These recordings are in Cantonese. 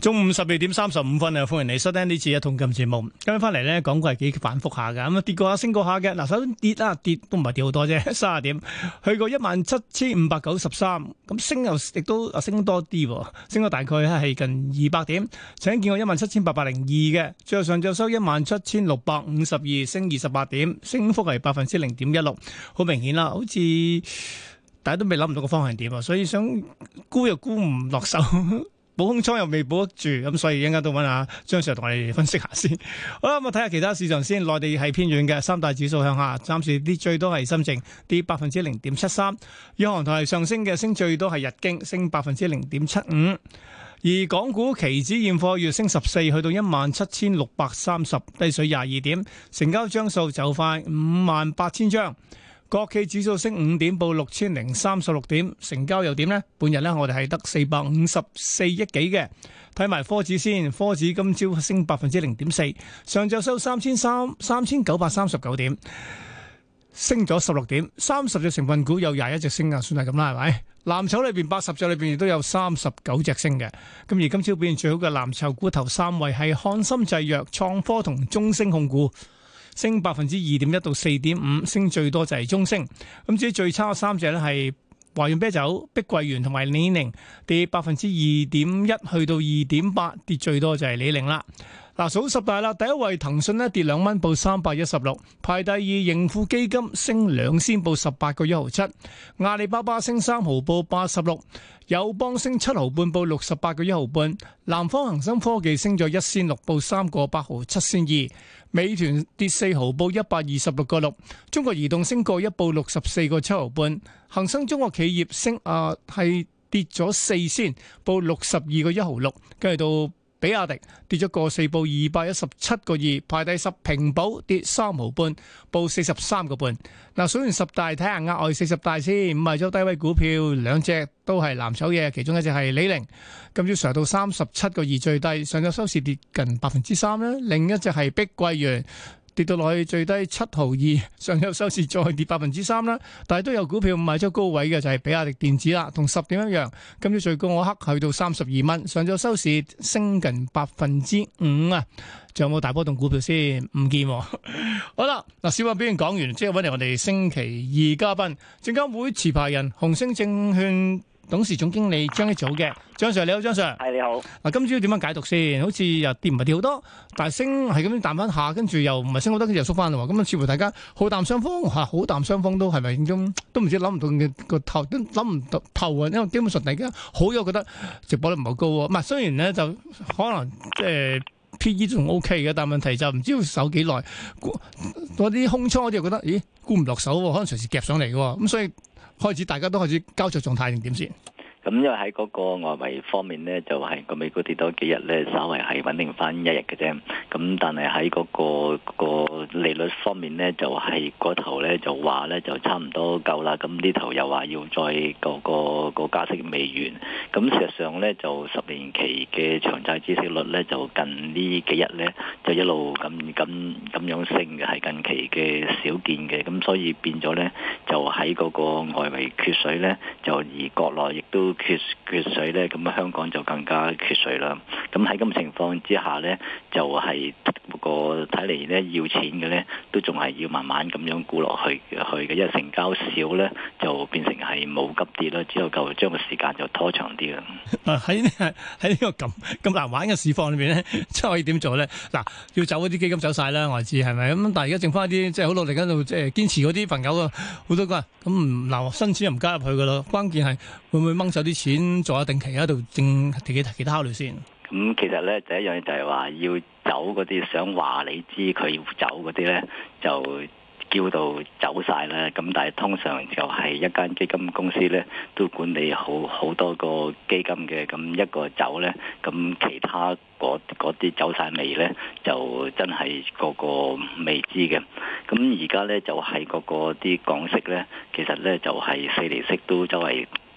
中午十二點三十五分啊，歡迎你收聽呢次嘅《同金節目》。今日翻嚟咧，港股係幾反覆下嘅，咁啊跌過下，升過下嘅。嗱，首先跌啦，跌都唔係跌好多啫，卅點，去過一萬七千五百九十三。咁升又亦都啊升多啲，升咗大概係近二百點，請見過一萬七千八百零二嘅，最後上晝收一萬七千六百五十二，升二十八點，升幅係百分之零點一六，好明顯啦，好似大家都未諗唔到個方向點啊，所以想沽又沽唔落手。補空倉又未補住，咁所以而家都揾下張 Sir 同我哋分析下先。 好啦，我睇下其他市場先。內地係偏軟嘅，三大指數向下，暫時跌最多係深證跌百分之零點七三。央行台上升嘅，升最多係日經升百分之零點七五。而港股期指現貨月升十四，去到一萬七千六百三十，低水廿二點。成交張數就快五萬八千張。國企指數升五點，報六千零三十六點，成交又點咧？半日咧，我哋係得四百五十四億幾嘅。睇埋科指先，科指今朝升百分之零點四，上晝收三千三三千九百三十九點，升咗十六點。三十隻成分股有廿一隻升啊，算係咁啦，係咪？藍籌裏邊八十隻裏邊亦都有三十九隻升嘅。咁而今朝表現最好嘅藍籌股頭三位係漢森製藥、創科同中升控股。升百分之二點一到四點五，升最多就係中升。咁至於最差嘅三隻咧，係華潤啤酒、碧桂園同埋李寧，跌百分之二點一去到二點八，跌最多就係李寧啦。嗱，數十大啦，第一位騰訊呢，跌兩蚊，報三百一十六；排第二盈富基金升兩仙，報十八個一毫七；阿里巴巴升三毫，報八十六；友邦升七毫半，報六十八個一毫半；南方恒生科技升咗一仙六，報三個八毫七仙二；美團跌四毫，報一百二十六個六；中國移動升個一，報六十四個七毫半；恒生中國企業升啊，係跌咗四仙，報六十二個一毫六，跟住到。比亞迪跌咗個四，報二百一十七個二，排第十。平保跌三毫半，報四十三個半。嗱，數完十大，睇下額外四十大先。五隻創低位股票，兩隻都係藍籌嘅。其中一隻係李寧，今朝上到三十七個二最低，上周收市跌近百分之三咧。另一隻係碧桂園。跌到落去最低七毫二，上咗收市再跌百分之三啦。但係都有股票賣出高位嘅，就係、是、比亞迪電子啦，同十點一樣。今朝最高嗰刻去到三十二蚊，上咗收市升近百分之五啊。仲有冇大波動股票先？唔見。 好啦，嗱，小品表現講完，即係搵嚟我哋星期二嘉賓，證監會持牌人，紅星證券。董事總經理張益祖嘅張 Sir 你好，張 Sir，係你好。嗱、啊、今朝點樣解讀先？好似又跌唔係跌好多，但係升係咁樣彈翻下，跟住又唔係升好多，跟住又縮翻咁啊，似乎大家好淡雙方嚇，好淡雙方都係咪？始都唔知諗唔到嘅個頭，諗唔到頭啊！因為基本上大家好，我覺得值博率唔係高喎。唔、嗯、係雖然咧就可能即係 P E 仲 O K 嘅，但問題就唔知要守幾耐。嗰啲空倉我啲又覺得，咦，沽唔落手喎？可能隨時夾上嚟嘅咁，所以。所以開始，大家都開始交錯狀態定點先。咁因為喺嗰個外圍方面咧，就係個美股跌多幾日咧，稍微係穩定翻一日嘅啫。咁但係喺嗰個、嗰個利率方面咧，就係、係、嗰頭咧就話咧就差唔多夠啦。咁呢頭又話要再、嗰個、嗰個個加息未完。咁事實上咧就十年期嘅長債孳息率咧，就近幾呢幾日咧就一路咁咁咁樣升嘅，係近期嘅少見嘅。咁所以變咗咧就喺嗰個外圍缺水咧，就而國內亦都。缺缺水咧，咁香港就更加缺水啦。咁喺咁嘅情況之下咧，就係個睇嚟咧要錢嘅咧，都仲係要慢慢咁樣沽落去去嘅。因為成交少咧，就變成係冇急跌啦，只有夠將個時間就拖長啲啦。啊喺喺呢個咁咁難玩嘅市況裏面咧，即係可以點做咧？嗱，要走嗰啲基金走曬啦，我知係咪？咁但係而家剩翻一啲即係好努力緊度即係堅持嗰啲朋友啊，好多個咁，嗱新錢又唔加入去噶啦，關鍵係會唔會掹實？有啲錢做下定期喺度，正睇下其他考慮先。咁其實咧，第、就是、一樣嘢就係話要走嗰啲，想話你知佢要走嗰啲咧，就叫到走晒啦。咁但係通常就係一間基金公司咧，都管理好好多個基金嘅。咁一個走咧，咁其他嗰啲、那個、走晒未咧，就真係個個未知嘅。咁而家咧就係、是、個個啲港息咧，其實咧就係、是、四釐息都周圍。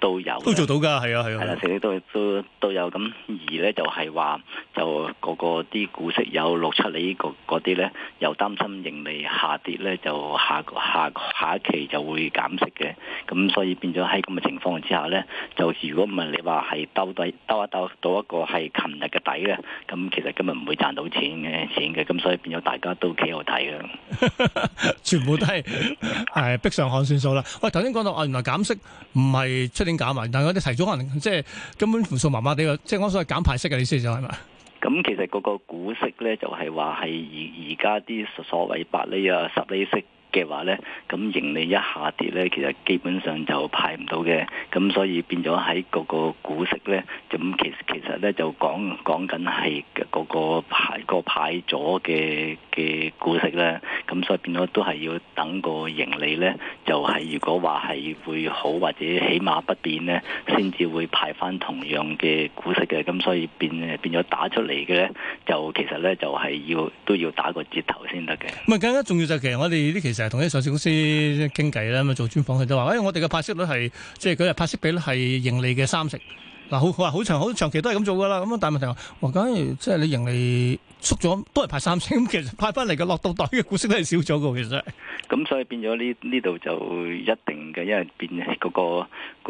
都有都做到㗎，係啊係啊，係啦、啊，成日、啊啊、都都都有咁而咧，就係、是、話就個個啲股息有六七釐個嗰啲咧，又擔心盈利下跌咧，就下下下一期就會減息嘅，咁所以變咗喺咁嘅情況之下咧，就如果唔係你話係兜底兜一兜到一個係琴日嘅底咧，咁其實今日唔會賺到錢嘅錢嘅，咁所以變咗大家都幾好睇嘅， 全部都係係 逼上岸算數啦。喂，頭先講到啊，原來減息唔係出。減埋， 但係我哋提早可能即係根本符數麻麻地啊，即係我所謂減派息嘅意思就係嘛？咁其實個個股息咧就係話係而而家啲所謂八厘啊十厘息。嘅話呢，咁盈利一下跌呢，其實基本上就派唔到嘅，咁所以變咗喺嗰個股息呢，咁其實其實呢就講講緊係嗰個派、嗰個派咗嘅嘅股息呢。咁所以變咗都係要等個盈利呢，就係、是、如果話係會好或者起碼不變呢，先至會派翻同樣嘅股息嘅，咁所以變變咗打出嚟嘅呢，就其實呢，就係要都要打個折頭先得嘅。唔係更加重要就係其實我哋啲其實。同啲上市公司傾偈啦，咁啊做專訪佢都話，誒、哎，我哋嘅派息率係，即係佢係派息比率係盈利嘅三成。嗱，好好話好長好長期都係咁做噶啦。咁啊，但係問題，哇假如即係你盈利。縮咗都係派三星，咁其實派翻嚟嘅落到袋嘅股息都係少咗嘅，其實。咁所以變咗呢呢度就一定嘅，因為變嗰、嗰個、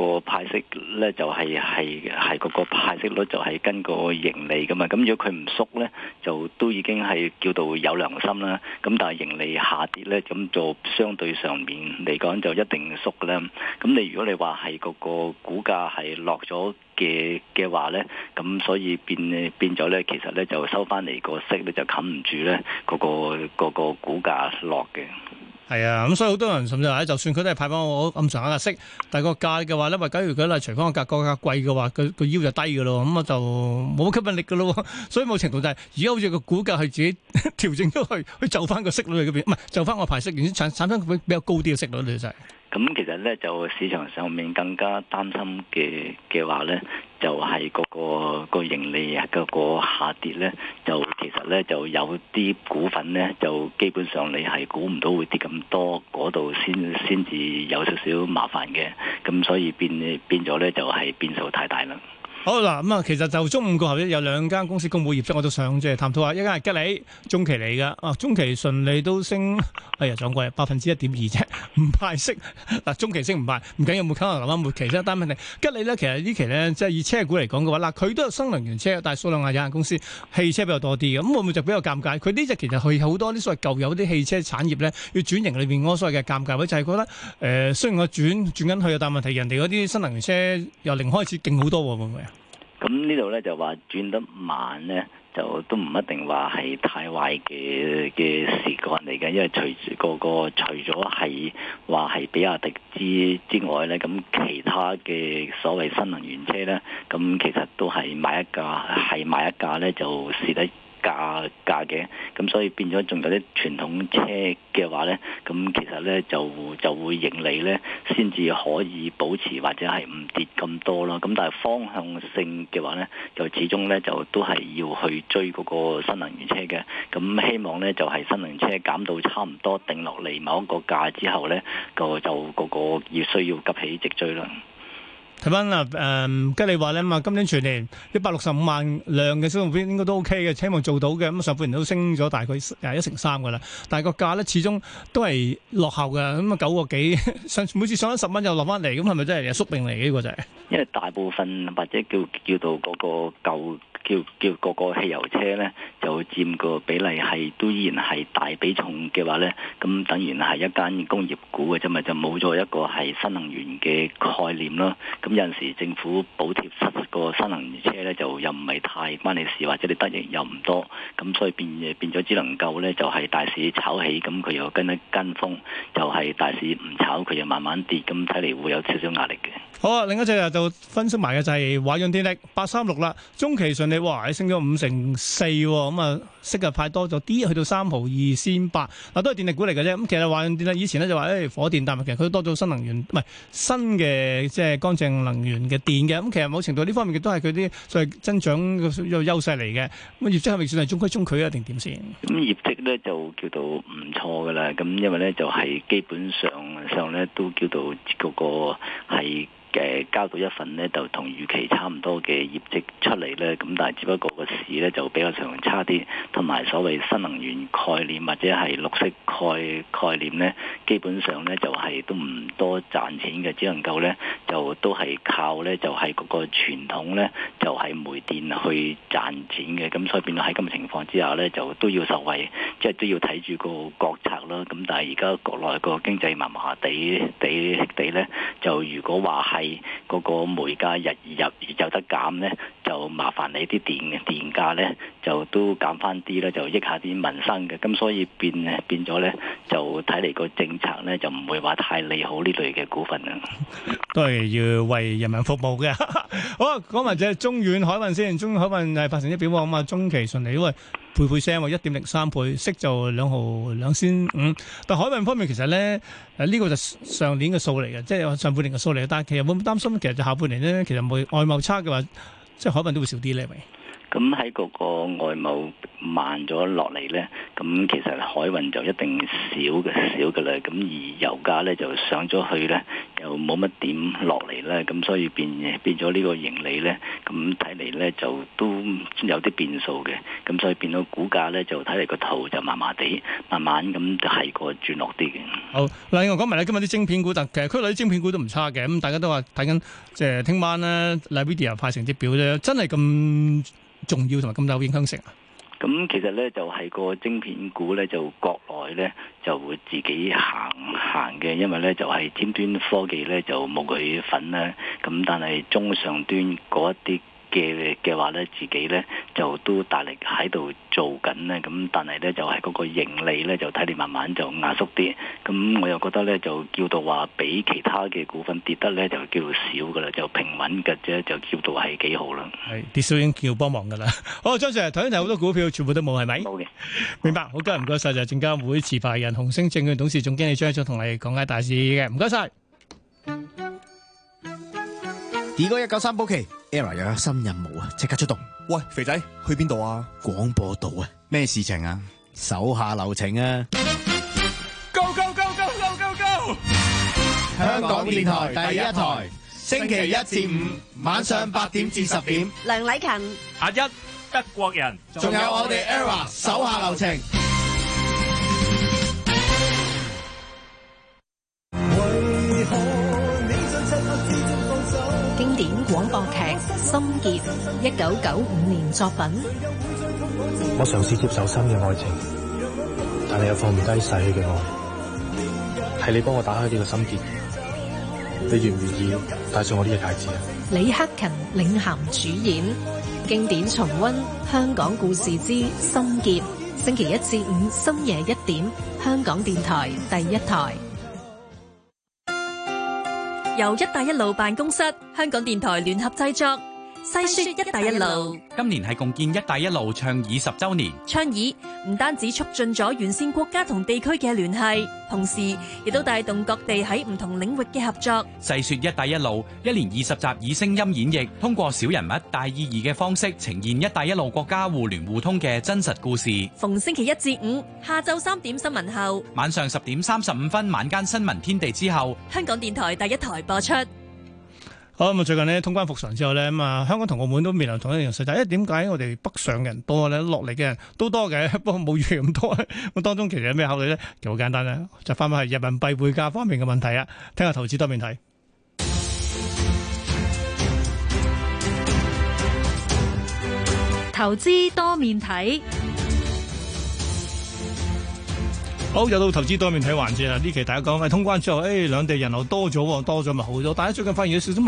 嗰個派、嗰個、息咧就係係係嗰個派息率就係跟個盈利噶嘛。咁如果佢唔縮咧，就都已經係叫做有良心啦。咁但係盈利下跌咧，咁就相對上面嚟講就一定縮嘅啦。咁你如果你話係嗰個股價係落咗。嘅嘅話咧，咁所以變變咗咧，其實咧就收翻嚟個息咧就冚唔住咧，嗰個嗰個股價落嘅。係啊，咁、嗯、所以好多人甚至話咧，就算佢都係派翻我暗場眼嘅息，但係個價嘅話咧，話假如佢係除翻個價個價貴嘅話，佢佢腰就低嘅咯，咁我就冇吸引力嘅咯，所以冇程度就係而家好似個股價係自己 調整咗去去就翻個息率去嗰邊，唔係就翻我排息，然之後產產生比較高啲嘅息率嚟就係。咁其實咧，就市場上面更加擔心嘅嘅話咧，就係個個個盈利啊，個個下跌咧，就其實咧就有啲股份咧，就基本上你係估唔到會跌咁多，嗰度先先至有少少麻煩嘅，咁所以變變咗咧，就係變數太大啦。好啦，咁啊，其實就中午過後咧，有兩間公司公布業績，我都想即係探討下。一間係吉利，中期嚟噶，哦、啊，中期順利都升，係、哎、呀，漲貴啊，百分之一點二啫，唔派息。嗱，中期升唔派，唔緊要，冇坑下留翻末期。但係單問題，吉利咧，其實期呢期咧，即係以車股嚟講嘅話，嗱，佢都係新能源車，但係數量係有限公司，汽車比較多啲嘅。咁會唔會就比較尷尬？佢呢隻其實去好多啲所謂舊有啲汽車產業咧，要轉型裏邊嗰所謂嘅尷尬位，就係、是、覺得誒，雖然我轉轉緊去，但係問題人哋嗰啲新能源車由零開始勁好多，會唔會？咁呢度咧就話轉得慢咧，就都唔一定話係太壞嘅嘅事幹嚟嘅。因為除住個個除咗係話係比亞迪之之外咧，咁其他嘅所謂新能源車咧，咁其實都係買一架，係買一架咧就蝕得。價價嘅，咁所以變咗仲有啲傳統車嘅話呢，咁其實呢就會就會盈利呢，先至可以保持或者係唔跌咁多咯。咁但係方向性嘅話呢，就始終呢就都係要去追嗰個新能源車嘅。咁希望呢就係、是、新能源車減到差唔多定落嚟某一個價之後呢，就就個就嗰個要需要急起直追啦。睇翻啊，誒、嗯，吉利話咧嘛，今年全年一百六十五萬輛嘅消費應該都 OK 嘅，希望做到嘅。咁上半年都升咗大概一成三嘅啦，但係個價咧始終都係落後嘅。咁啊九個幾上，每次上咗十蚊又落翻嚟，咁係咪真係縮定嚟嘅呢個就係？因為大部分或者叫叫做嗰個舊。叫叫個個汽油車呢，就佔個比例係都依然係大比重嘅話呢，咁等於係一間工業股嘅啫嘛，就冇咗一個係新能源嘅概念咯。咁有陣時政府補貼個新能源車呢，就又唔係太關你事，或者你得益又唔多，咁所以變變咗只能夠呢，就係大市炒起，咁佢又跟一跟風，就係大市唔炒佢又慢慢跌，咁睇嚟會有少少壓力嘅。好啊！另一隻就分析埋嘅就係華潤電力八三六啦，中期順利哇，升咗五成四，咁啊息嘅派多咗啲，去到三毫二仙八，嗱都係電力股嚟嘅啫。咁、嗯、其實華潤電力以前咧就話誒、哎、火電，但其實佢都多咗新能源，唔係新嘅即係乾淨能源嘅電嘅。咁、嗯、其實某程度呢方面嘅都係佢啲就係增長嘅優勢嚟嘅。咁、嗯、業績係咪算係中規中矩啊？定點先？咁業績咧就叫做唔錯嘅啦。咁因為咧就係、是、基本上上咧都叫做嗰個，個係嘅交到一份呢，就同預期差唔多嘅業績出嚟呢。咁但係只不過個市呢，就比較上差啲，同埋所謂新能源概念或者係綠色概概念呢，基本上呢，就係都唔多賺錢嘅，只能夠呢，就都係靠呢，就係嗰個傳統呢就係煤電去賺錢嘅，咁所以變到喺咁嘅情況之下呢，就都要受惠，即係都要睇住個國際。咁但係而家國內個經濟麻麻地地地咧，就如果話係嗰個煤價日日有得減咧，就麻煩你啲電電價咧就都減返啲啦，就益下啲民生嘅。咁所以變咧變咗咧就睇嚟個政策咧就唔會話太利好呢類嘅股份啊，都係要為人民服務嘅。好，講埋隻中遠海運先，中遠海運係發成一表旺啊，中期順利，因配配聲喎，一點零三倍息就兩毫兩仙五，嗯，但海運方面其實咧，誒、這、呢個就上年嘅數嚟嘅，即係上半年嘅數嚟嘅，但係其實會唔會擔心？其實就下半年咧，其實外外貿差嘅話，即係海運都會少啲咧，係咪？咁喺嗰個外貿慢咗落嚟咧，咁其實海運就一定少嘅少嘅啦。咁而油價咧就上咗去咧，又冇乜點落嚟咧，咁所以變變咗呢個盈利咧，咁睇嚟咧就都有啲變數嘅。咁所以變到股價咧就睇嚟個圖就麻麻地，慢慢咁就係個轉落啲嘅。好，另外講埋咧，今日啲晶片股特其實區內啲晶片股都唔差嘅。咁大家都話睇緊，即係聽晚咧，Nvidia 又派成績表啫，真係咁。重要同埋咁大影響性，咁、嗯、其實咧就係、是、個晶片股咧就國內咧就會自己行行嘅，因為咧就係、是、尖端科技咧就冇佢份啦。咁但係中上端嗰一啲嘅嘅話咧，自己咧就都大力喺度做緊咧，咁但係咧就係嗰個盈利咧就睇你慢慢就壓縮啲，咁我又覺得咧就叫到話比其他嘅股份跌得咧就叫少噶啦，就平穩嘅啫，就叫到係幾好啦。係跌少已經叫幫忙噶啦。好，張 Sir 頭先睇好多股票全部都冇係咪？冇嘅，明白。好，唔該唔該曬，就係證監會持牌人紅星證券董事總經理張總同你講下大事嘅，唔該曬。D 哥一九三保期。Era 又有新任務啊，即刻出動！喂，肥仔，去邊度啊？廣播道啊，咩事情啊？手下留情啊！Go go go go go go go！香港電台第一台，星期一至五晚上八點至十點。梁禮勤，阿一德國人，仲有我哋 Era，手下留情。經典廣播劇。《心結》一九九五年作品，我嘗試接受新嘅愛情，但係又放唔低逝去嘅愛，係你幫我打開呢個心結，你願唔願意戴上我呢個戒指啊？李克勤領銜主演，經典重温《香港故事之心結》，星期一至五深夜一點，香港電台第一台，由“一帶一路”辦公室、香港電台聯合製作。細說一帶一路，今年係共建一帶一路倡議十周年。倡議唔單止促進咗完善國家同地區嘅聯繫，同時亦都帶動各地喺唔同領域嘅合作。細說一帶一路，一年二十集以聲音演繹，通過小人物大意義嘅方式呈現一帶一路國家互聯互通嘅真實故事。逢星期一至五下晝三點新聞後，晚上十點三十五分晚間新聞天地之後，香港電台第一台播出。好，咁啊！最近呢，通關復常之後咧，咁啊香港同澳門都面臨同一樣事，就係點解我哋北上人多咧，落嚟嘅人都多嘅，不過冇以前咁多。咁當中其實有咩考慮咧？其實好簡單咧，就翻翻去人民幣匯價方面嘅問題啊！聽下投資多面睇，投資多面睇，好，又到投資多面睇環節啦！呢期大家講係通關之後，誒、欸、兩地人流多咗，多咗咪好咗？大家最近發現有少少